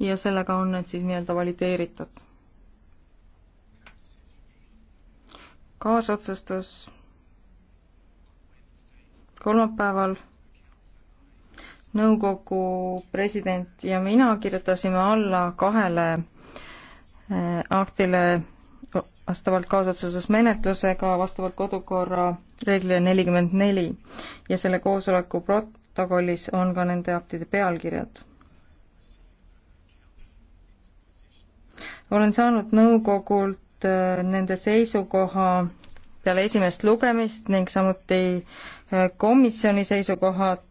ja sellega on need siis nii-öelda valideeritud. kaasotsustus kolmapäeval nõukogu president ja mina kirjutasime alla kahele eh, aktile vastavalt kaasotsustusmenetlusega vastavalt kodukorra reeglile nelikümmend neli ja selle koosoleku protokollis on ka nende aktide pealkirjad olen saanud nõukogult äh, nende seisukoha peale esimest lugemist ning samuti äh, komisjoni seisukohad